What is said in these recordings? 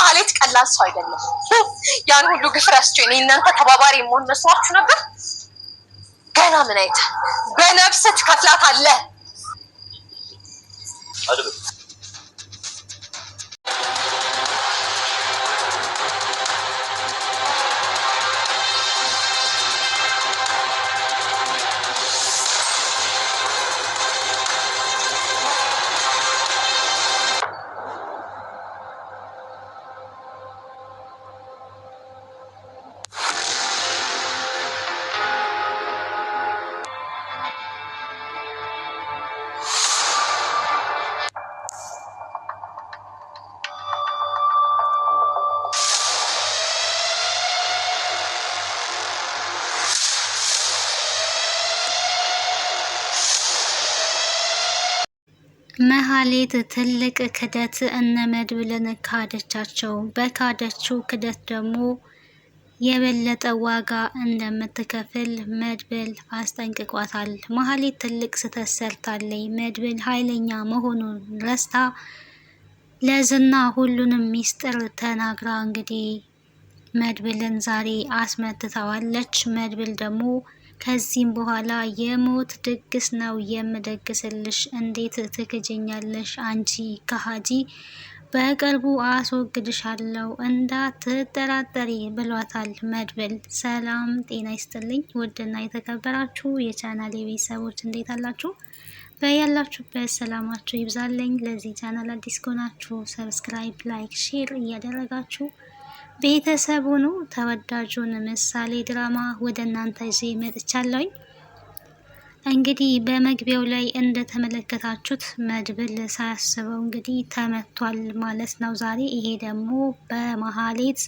ማለት ቀላል ሰው አይደለም። ያን ሁሉ ግፍር ያስቸ እናንተ ተባባሪ መሆን መስሏችሁ ነበር። ገና ምን አይተህ በነፍስ ትከፍላት አለ መሀሌት ትልቅ ክደት እነ መድብልን ካደቻቸው። በካደችው ክደት ደግሞ የበለጠ ዋጋ እንደምትከፍል መድብል አስጠንቅቋታል። መሀሌት ትልቅ ስህተት ሰርታለች። መድብል ኃይለኛ መሆኑን ረስታ ለዝና ሁሉንም ሚስጥር ተናግራ እንግዲህ መድብልን ዛሬ አስመትተዋለች። መድብል ደግሞ ከዚህም በኋላ የሞት ድግስ ነው የምደግስልሽ። እንዴት ትክጀኛለሽ? አንቺ ከሃጂ በቅርቡ አስወግድሻለሁ እንዳትጠራጠሪ ብሏታል መድብል። ሰላም ጤና ይስጥልኝ ውድና የተከበራችሁ የቻናል የቤተሰቦች እንዴት አላችሁ? በያላችሁበት ሰላማችሁ ይብዛለኝ። ለዚህ ቻናል አዲስ ከሆናችሁ ሰብስክራይብ፣ ላይክ፣ ሼር እያደረጋችሁ ቤተሰብ ነው። ተወዳጁን ምሳሌ ድራማ ወደ እናንተ ይዤ መጥቻለሁኝ። እንግዲህ በመግቢያው ላይ እንደተመለከታችሁት መድብል ሳያስበው እንግዲህ ተመቷል ማለት ነው ዛሬ። ይሄ ደግሞ በመሀሌት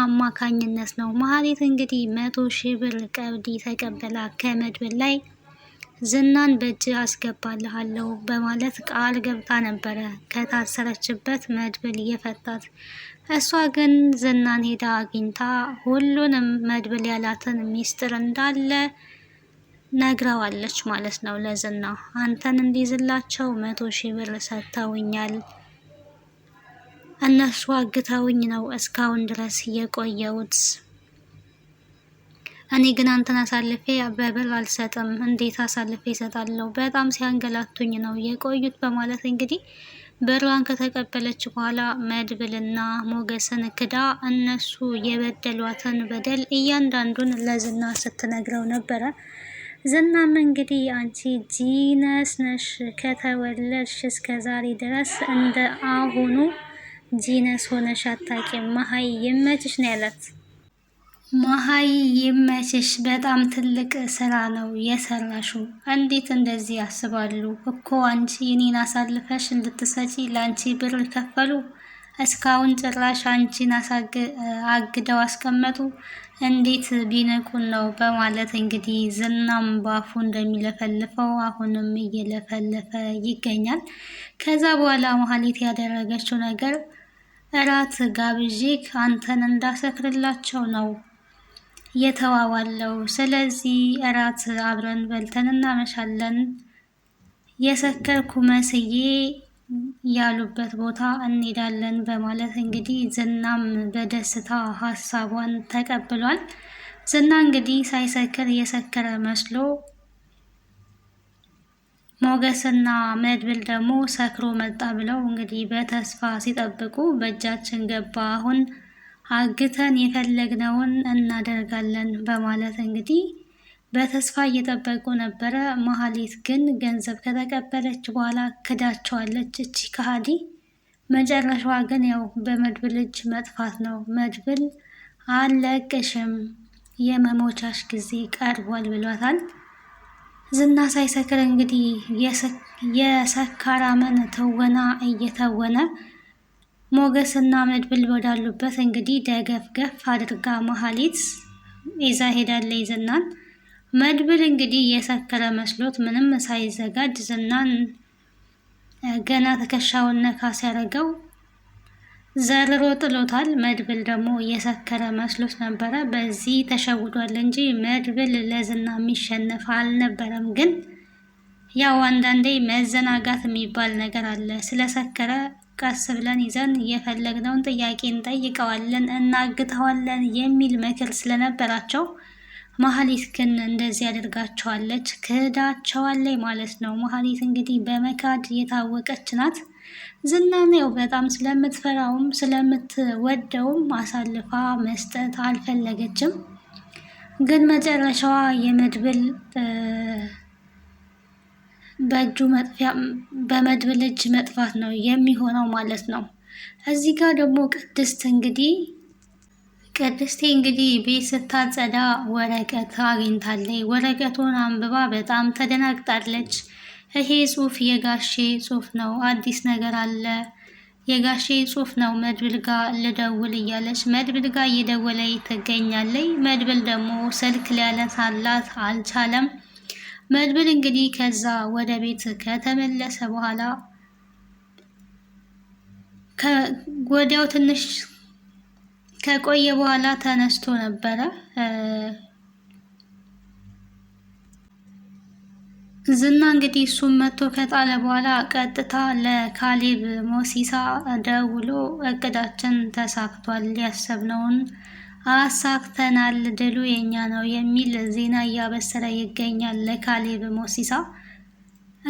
አማካኝነት ነው። መሀሌት እንግዲህ መቶ ሺህ ብር ቀብድ ተቀበላ ከመድብል ላይ ዝናን በእጅ አስገባልሃለሁ በማለት ቃል ገብታ ነበረ። ከታሰረችበት መድብል እየፈታት እሷ ግን ዝናን ሄዳ አግኝታ ሁሉንም መድብል ያላትን ሚስጥር እንዳለ ነግረዋለች ማለት ነው። ለዝና አንተን እንዲይዝላቸው መቶ ሺህ ብር ሰጥተውኛል። እነሱ አግተውኝ ነው እስካሁን ድረስ የቆየሁት። እኔ ግን አንተን አሳልፌ በብር አልሰጥም። እንዴት አሳልፌ ይሰጣለሁ? በጣም ሲያንገላቱኝ ነው የቆዩት በማለት እንግዲህ ብሯን ከተቀበለች በኋላ መድብልና ሞገስን ክዳ እነሱ የበደሏትን በደል እያንዳንዱን ለዝና ስትነግረው ነበረ። ዝናም እንግዲህ አንቺ ጂነስ ነሽ ከተወለድሽ እስከ ዛሬ ድረስ እንደ አሁኑ ጂነስ ሆነሽ አታውቂም፣ መሀይ ይመችሽ ነው ያላት። መሀይ ይመችሽ። በጣም ትልቅ ስራ ነው የሰራሹ። እንዴት እንደዚህ ያስባሉ እኮ አንቺ እኔን አሳልፈሽ እንድትሰጪ ለአንቺ ብር ከፈሉ። እስካሁን ጭራሽ አንቺን አግደው አስቀመጡ። እንዴት ቢንቁን ነው በማለት እንግዲህ ዝናም ባፉ እንደሚለፈልፈው አሁንም እየለፈለፈ ይገኛል። ከዛ በኋላ መሀሌት ያደረገችው ነገር እራት ጋብዤ አንተን እንዳሰክርላቸው ነው የተዋዋለው። ስለዚህ እራት አብረን በልተን እናመሻለን። የሰከርኩ መስዬ ያሉበት ቦታ እንሄዳለን በማለት እንግዲህ ዝናም በደስታ ሀሳቧን ተቀብሏል። ዝና እንግዲህ ሳይሰክር የሰከረ መስሎ ሞገስና መድብል ደግሞ ሰክሮ መጣ ብለው እንግዲህ በተስፋ ሲጠብቁ በእጃችን ገባ አሁን አግተን የፈለግነውን እናደርጋለን በማለት እንግዲህ በተስፋ እየጠበቁ ነበረ። መሀሌት ግን ገንዘብ ከተቀበለች በኋላ ክዳቸዋለች። እቺ ከሃዲ መጨረሻዋ ግን ያው በመድብል እጅ መጥፋት ነው። መድብል አለቅሽም የመሞቻሽ ጊዜ ቀርቧል ብሏታል። ዝና ሳይሰክር እንግዲህ የሰካራመን ትወና እየተወነ ሞገስና መድብል ወዳሉበት እንግዲህ ደገፍገፍ አድርጋ መሀሊት ይዛ ሄዳለች ዝናን። መድብል እንግዲህ እየሰከረ መስሎት ምንም ሳይዘጋጅ ዝናን ገና ትከሻውን ነካ ሲያደርገው ዘርሮ ጥሎታል። መድብል ደግሞ እየሰከረ መስሎት ነበረ። በዚህ ተሸውዷል እንጂ መድብል ለዝና የሚሸነፍ አልነበረም። ግን ያው አንዳንዴ መዘናጋት የሚባል ነገር አለ ስለሰከረ ቀስ ብለን ይዘን የፈለግነውን ጥያቄ እንጠይቀዋለን፣ እናግተዋለን የሚል ምክር ስለነበራቸው መሀሊት ግን እንደዚህ ያደርጋቸዋለች፣ ክህዳቸዋለች ማለት ነው። መሀሊት እንግዲህ በመካድ የታወቀች ናት። ዝናን ያው በጣም ስለምትፈራውም ስለምትወደውም አሳልፋ መስጠት አልፈለገችም። ግን መጨረሻዋ የመድብል በእጁ መጥፊያ በመድብል እጅ መጥፋት ነው የሚሆነው ማለት ነው። እዚህ ጋር ደግሞ ቅድስት እንግዲህ ቅድስቴ እንግዲህ ቤት ስታጸዳ ወረቀት አግኝታለች። ወረቀቱን አንብባ በጣም ተደናግጣለች። ይሄ ጽሁፍ የጋሼ ጽሁፍ ነው፣ አዲስ ነገር አለ፣ የጋሼ ጽሁፍ ነው፣ መድብል ጋ ልደውል እያለች መድብል ጋ እየደወለች ትገኛለች። መድብል ደግሞ ስልክ ሊያነሳላት አልቻለም። መድብል እንግዲህ ከዛ ወደ ቤት ከተመለሰ በኋላ ወዲያው ትንሽ ከቆየ በኋላ ተነስቶ ነበረ። ዝና እንግዲህ እሱም መጥቶ ከጣለ በኋላ ቀጥታ ለካሌብ ሞሲሳ ደውሎ እቅዳችን ተሳክቷል ያሰብነውን አሳክተናል ድሉ የኛ ነው የሚል ዜና እያበሰረ ይገኛል ለካሌብ ሞሲሳ።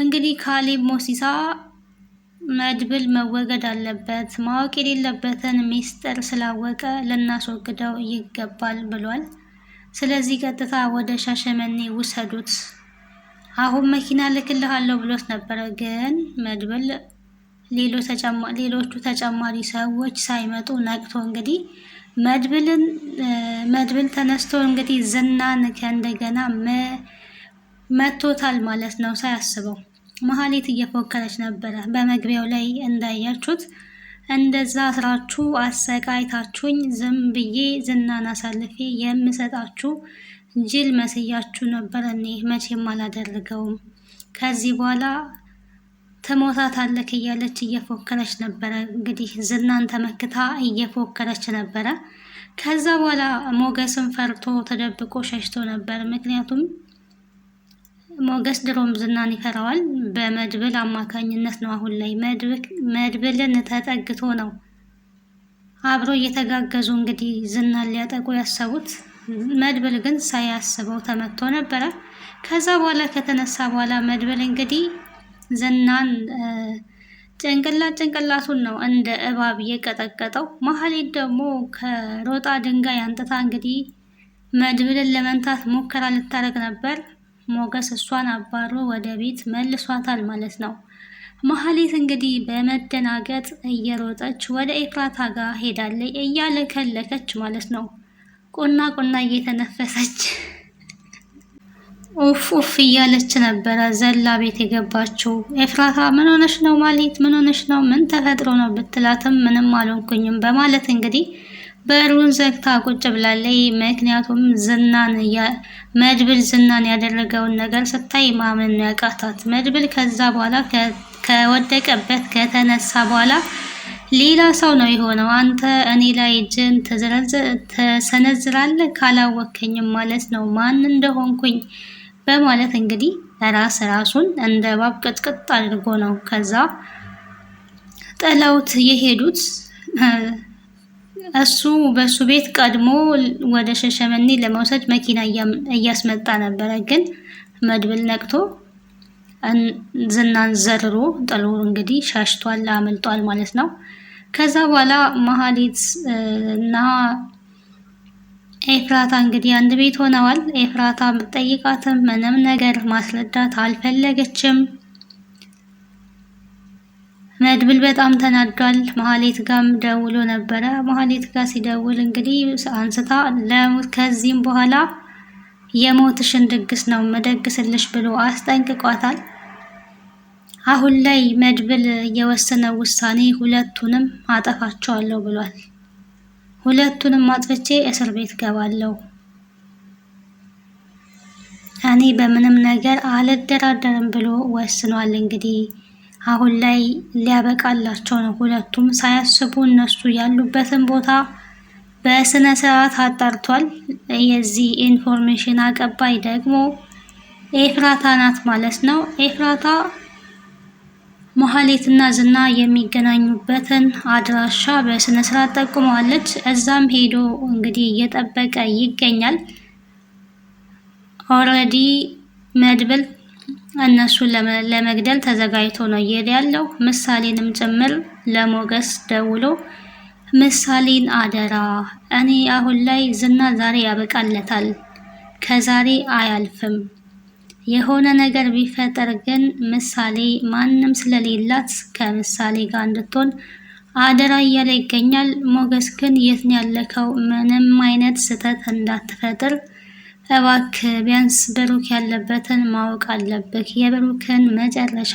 እንግዲህ ካሌብ ሞሲሳ መድብል መወገድ አለበት፣ ማወቅ የሌለበትን ሚስጥር ስላወቀ ልናስወግደው ይገባል ብሏል። ስለዚህ ቀጥታ ወደ ሻሸመኔ ውሰዱት። አሁን መኪና ልክልሃለሁ ብሎት ነበረ፣ ግን መድብል ሌሎቹ ተጨማሪ ሰዎች ሳይመጡ ነቅቶ እንግዲህ መድብልን መድብል ተነስቶ እንግዲህ ዝናን ከእንደገና መቶታል ማለት ነው ሳያስበው። መሀሌት እየፎከረች ነበረ በመግቢያው ላይ እንዳያችሁት። እንደዛ ስራችሁ አሰቃይታችሁኝ ዝም ብዬ ዝናን አሳልፌ የምሰጣችሁ ጅል መስያችሁ ነበር። እኔ መቼም አላደርገውም ከዚህ በኋላ ትሞታታለክ እያለች እየፎከረች ነበረ። እንግዲህ ዝናን ተመክታ እየፎከረች ነበረ። ከዛ በኋላ ሞገስን ፈርቶ ተደብቆ ሸሽቶ ነበር። ምክንያቱም ሞገስ ድሮም ዝናን ይፈራዋል። በመድብል አማካኝነት ነው። አሁን ላይ መድብልን ተጠግቶ ነው አብሮ እየተጋገዙ እንግዲህ ዝናን ሊያጠቁ ያሰቡት። መድብል ግን ሳያስበው ተመቶ ነበረ። ከዛ በኋላ ከተነሳ በኋላ መድብል እንግዲህ ዝናን ጭንቅላት ጭንቅላቱን ነው እንደ እባብ እየቀጠቀጠው። መሀሌት ደግሞ ከሮጣ ድንጋይ አንጥታ እንግዲህ መድብልን ለመንታት ሙከራ ልታደርግ ነበር። ሞገስ እሷን አባሮ ወደ ቤት መልሷታል ማለት ነው። መሀሌት እንግዲህ በመደናገጥ እየሮጠች ወደ ኤፍራታ ጋር ሄዳለች፣ እያለከለከች ማለት ነው። ቁና ቁና እየተነፈሰች ኡፍ ኡፍ እያለች ነበረ ዘላ ቤት የገባችው። ኤፍራታ ምን ሆነሽ ነው ማሌት፣ ምን ሆነሽ ነው፣ ምን ተፈጥሮ ነው ብትላትም ምንም አልሆንኩኝም በማለት እንግዲህ በሩን ዘግታ ቁጭ ብላለይ። ምክንያቱም ዝናን መድብል ዝናን ያደረገውን ነገር ስታይ ማመን ያቃታት መድብል ከዛ በኋላ ከወደቀበት ከተነሳ በኋላ ሌላ ሰው ነው የሆነው። አንተ እኔ ላይ እጅን ትሰነዝራለህ ካላወከኝም ማለት ነው ማን እንደሆንኩኝ በማለት እንግዲህ ራስ ራሱን እንደ እባብ ቅጥቅጥ አድርጎ ነው ከዛ ጥለውት የሄዱት። እሱ በሱ ቤት ቀድሞ ወደ ሸሸመኔ ለመውሰድ መኪና እያስመጣ ነበረ። ግን መድብል ነቅቶ ዝናን ዘርሮ ጥሎ እንግዲህ ሸሽቷል፣ አመልጧል ማለት ነው። ከዛ በኋላ መሀሌት እና ኤፍራታ እንግዲህ አንድ ቤት ሆነዋል። ኤፍራታ ብትጠይቃትም ምንም ነገር ማስረዳት አልፈለገችም። መድብል በጣም ተናዷል። መሀሌት ጋም ደውሎ ነበረ። መሀሌት ጋር ሲደውል እንግዲህ አንስታ ከዚህም በኋላ የሞትሽን ድግስ ነው መደግስልሽ ብሎ አስጠንቅቋታል። አሁን ላይ መድብል የወሰነው ውሳኔ ሁለቱንም አጠፋቸዋለሁ ብሏል። ሁለቱንም አጥፍቼ እስር ቤት ገባለሁ። እኔ በምንም ነገር አልደራደርም ብሎ ወስኗል። እንግዲህ አሁን ላይ ሊያበቃላቸው ነው። ሁለቱም ሳያስቡ እነሱ ያሉበትን ቦታ በስነ ስርዓት አጣርቷል። የዚህ ኢንፎርሜሽን አቀባይ ደግሞ ኤፍራታ ናት ማለት ነው። ኤፍራታ መሀሌትና ዝና የሚገናኙበትን አድራሻ በስነ ስርዓት ጠቁመዋለች። እዛም ሄዶ እንግዲህ እየጠበቀ ይገኛል። ኦልሬዲ መድብል እነሱን ለመግደል ተዘጋጅቶ ነው እየሄደ ያለው። ምሳሌንም ጭምር ለሞገስ ደውሎ ምሳሌን አደራ፣ እኔ አሁን ላይ ዝና ዛሬ ያበቃለታል፣ ከዛሬ አያልፍም የሆነ ነገር ቢፈጠር ግን ምሳሌ ማንም ስለሌላት ከምሳሌ ጋር እንድትሆን አደራ እያለ ይገኛል። ሞገስ ግን የትን ያለከው ምንም አይነት ስህተት እንዳትፈጥር እባክ ቢያንስ ብሩክ ያለበትን ማወቅ አለብህ፣ የብሩክን መጨረሻ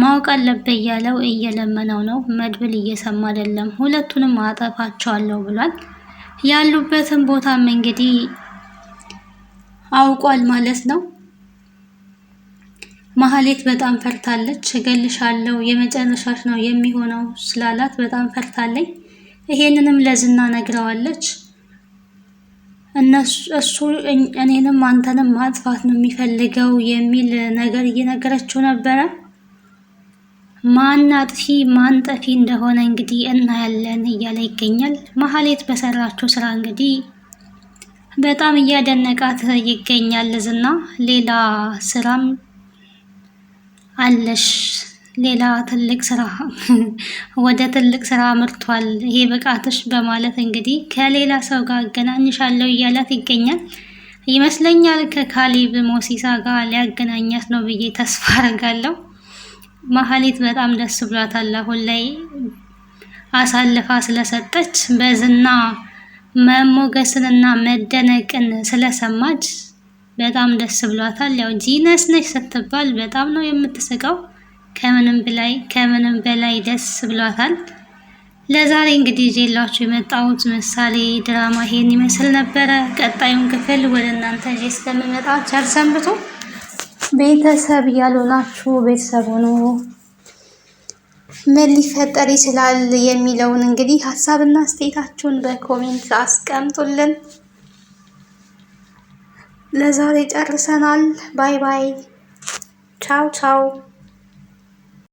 ማወቅ አለብህ እያለው እየለመነው ነው። መድብል እየሰማ አይደለም። ሁለቱንም አጠፋቸዋለሁ ብሏል። ያሉበትን ቦታም እንግዲህ አውቋል ማለት ነው። ማህሌት በጣም ፈርታለች። እገልሻለሁ የመጨረሻሽ ነው የሚሆነው ስላላት በጣም ፈርታለኝ። ይሄንንም ለዝና ነግረዋለች። እሱ እኔንም አንተንም ማጥፋት ነው የሚፈልገው የሚል ነገር እየነገረችው ነበረ። ማን አጥፊ ማን ጠፊ እንደሆነ እንግዲህ እናያለን እያለ ይገኛል። ማህሌት በሰራችው ስራ እንግዲህ በጣም እያደነቃት ይገኛል ዝና ሌላ ስራም አለሽ ሌላ ትልቅ ስራ ወደ ትልቅ ስራ አምርቷል ይሄ ብቃትሽ በማለት እንግዲህ ከሌላ ሰው ጋር አገናኝሻለሁ እያላት ይገኛል ይመስለኛል። ከካሊብ ሞሲሳ ጋር ሊያገናኛት ነው ብዬ ተስፋ አርጋለሁ። መሀሊት በጣም ደስ ብሏታል። አሁን ላይ አሳልፋ ስለሰጠች በዝና መሞገስንና መደነቅን ስለሰማች በጣም ደስ ብሏታል። ያው ጂነስ ነች ስትባል በጣም ነው የምትስቀው። ከምንም በላይ ከምንም በላይ ደስ ብሏታል። ለዛሬ እንግዲህ ይዤላችሁ የመጣሁት ምሳሌ ድራማ ይሄን ይመስል ነበረ። ቀጣዩን ክፍል ወደ እናንተ ይዤ እስከምመጣ ቸር ሰንብቱ። ቤተሰብ ያልሆናችሁ ቤተሰብ ሆኖ ምን ሊፈጠር ይችላል የሚለውን እንግዲህ ሀሳብና አስተያየታችሁን በኮሜንት አስቀምጡልን። ለዛሬ ጨርሰናል። ባይ ባይ። ቻው ቻው።